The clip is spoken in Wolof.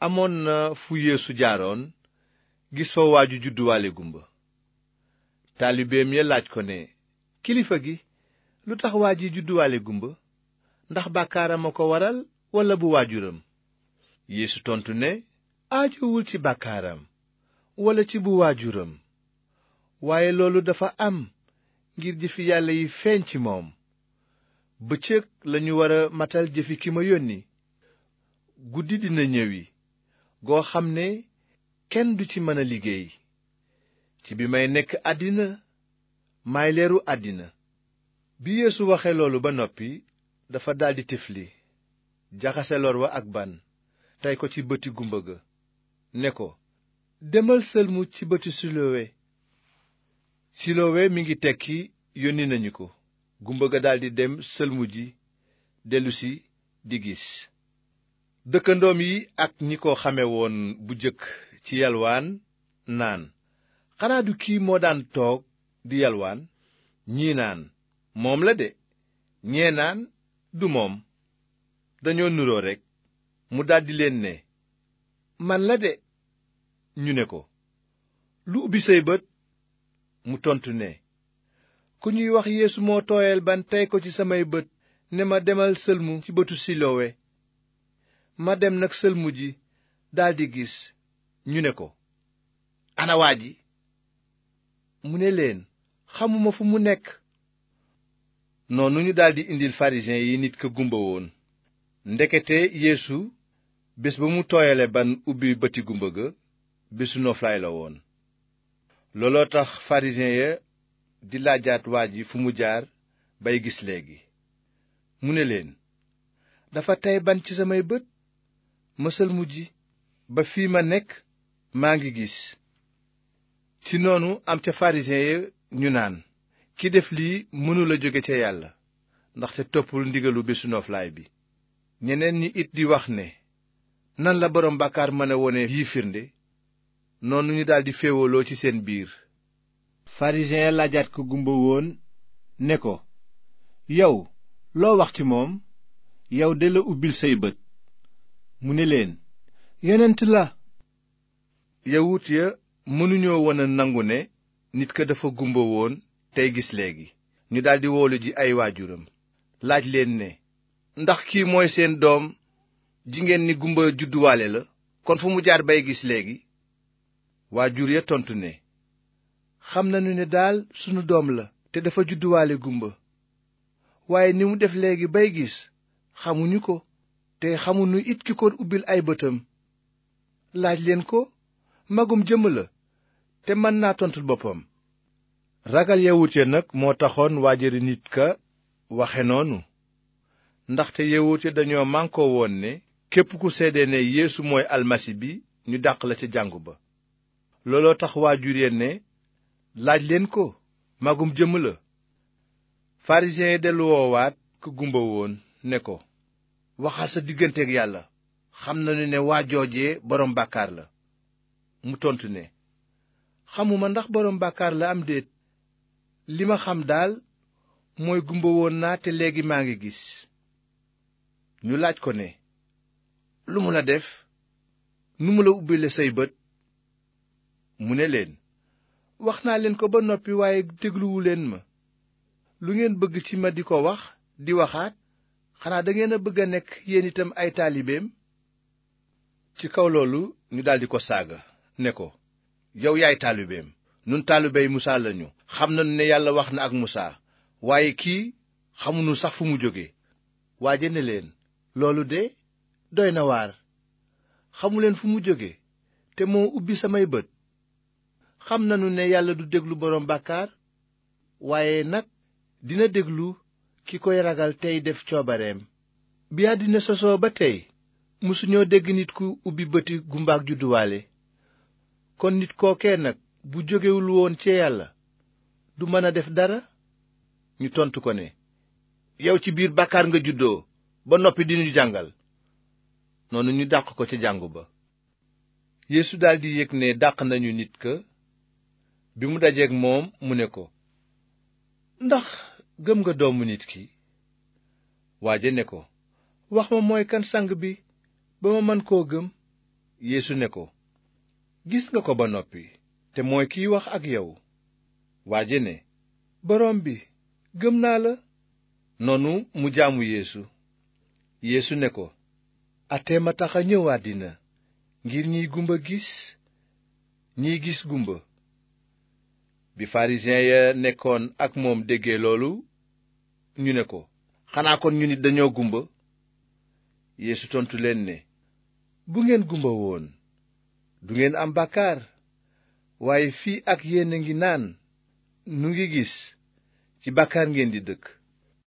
amoon na fu yeesu jaaroon gis fa waa gumba taalibeem ya laaj ko ne kilifa gi lu tax waa ji judduwaale gumba ndax bàkkaaram a ko waral walla bu waajuram yeesu tontu ne aajowul ci bàkkaaram walla ci bu waajuram waaye loolu dafa am ngir jëfi yàlla yi feeñ ci moom bëccëg lañu war a matal jëfi ki ma yónni guddi dina ñëwi goo xam ne kenn du ci mën a liggéey ci bi may nekk àddina maay leeru àddina bi Yeesu waxe loolu ba noppi dafa daldi tifli jaxase lor wa ak ban tey ko ci bëti gumba ga ne ko demal sëlmu ci bëti silowe silowe mi ngi tekki yónni nañu ko gumba ga daldi dem sëlmu ji dellusi di gis dëkkandoom yi ak ñi ko xame woon bu jëkk ci yalwaan naan xanaa du kii moo daan toog di yalwaan ñii naan moom la de ñee naan du moom dañoo nuroo rekk mu daldi leen ne man la de ñu ne ko lu ubbi say bët mu tontu ne ku ñuy wax yeesu moo tooyal ban tey ko ci samay bët ne ma demal sëlmu ci bëtu silowe ma dem nag sëlmu ji daldi gis ñu ne ko ana waa ji mu ne leen xamuma fu mu nekk noonu ñu daldi indil farisiyen yi nit ka gumba woon ndekete yéesu bés ba mu tooyale ban ubbi bëti gumba ga bésu noflaay la woon looloo tax farisiyen ya di laajaat waa ji fu mu jaar bay gis léegi mu ne leen dafa tey ban ci samay bët mësal mujj ba fii ma nekk maa ngi gis ci noonu am ca farisiyen ya ñu naan ki def lii mënula jóge ca yàlla ndaxte toppul ndigalu bésu nooflaay bi ñeneen ñi it di wax ne nan la borom bàkkaar mën a wone yi firnde noonu ñu daldi féewaloo ci seen biir farisiyen ya laajaat ko gumba woon ne ko yow loo wax ci moom yow de la ubbil say bët mu ni leen yonent la yawut ya mënuñoo woon nangu ne nit ka dafa gumba woon tey gis léegi ñu daldi woolu ji ay waajuram laaj leen ne ndax kii mooy seen doom ji ngeen ni gumba judduwaale la kon fu mu jaar bay gis léegi waajur ya tontu ne xam nañu ne daal sunu doom la te dafa judduwaale gumba waaye ni mu def léegi bay gis xamuñu ko te xamuñu it ki ko ubbil ay bëtam laaj leen ko magum jëmm la te mën naa tontul boppam ragal yawut ya nag moo taxoon waajari nit ka waxe noonu ndaxte yawut ya dañoo mànkoo woon ne képp ku seede ne yéesu mooy almasi bi ñu dàq la ca jàngu ba looloo tax waajur ya ne laaj leen ko magum jëmm la farisiyen yi dellu woowaat ku gumba woon ne ko waxal sa digganteeg yàlla xam nañu ne waa jooje boroom bàkkaar la mu tontu ne xamuma ndax borom bàkkaar la am déet li ma xam daal mooy gumba woon naa te léegi maa ngi gis ñu laaj ko ne lu mu la def nu mu la ubbile say bët mu ne leen wax naa leen ko ba noppi waaye dégluwu leen ma lu ngeen bëgg ci ma di ko wax di waxaat xanaa dangeen bëgg a nekk yéen itam ay taalibeem ci kaw loolu ñu daldi ko saaga ne ko yow yaay taalibeem nun taalibey musaa lañu xam nañu ne yàlla wax na ak musaa waaye kii xamuñu sax fu mu jóge waaje ne leen loolu de doy na waar xamuleen fu mu jóge te moo ubbi samay bët xam nañu ne yàlla du déglu borom bàkkaar waaye nag dina déglu ki koy ragal tey def coobareem bi àddina sosoo ba tey mësuñoo dégg nit ku ubbi bëti gumbaak judduwaale kon nit kookee nag bu jógewul woon ci yàlla du mën a def dara ñu tontu ko ne yow ci biir bàkkaar nga juddoo ba noppi diñu jàngal noonu ñu dàq ko ca jàngu ba yéesu daldi yëg ne dàq nañu nit ka bi mu dajeek moom mu ne ko ndax gëm nga doomu nit ki waa ja ne ko wax ma mooy kan sang bi ba ma mën koo gëm yéesu ne ko gis nga ko ba noppi te mooy kiy wax ak yow waa ja ne boroom bi gëm naa la noonu mu jaamu yéesu yéesu ne ko atee ma tax a ñëw ngir ñiy gumba gis ñiy gis gumba bi farisiyen ya nekkoon ak moom dégge loolu ñu ne ko xanaa kon ñu nit dañoo gumba yéesu tontu leen ne bu ngeen gumba woon du ngeen am bàkkaar waaye fii ak yéen ngi naan nu ngi gis ci bàkkaar ngeen di dëkk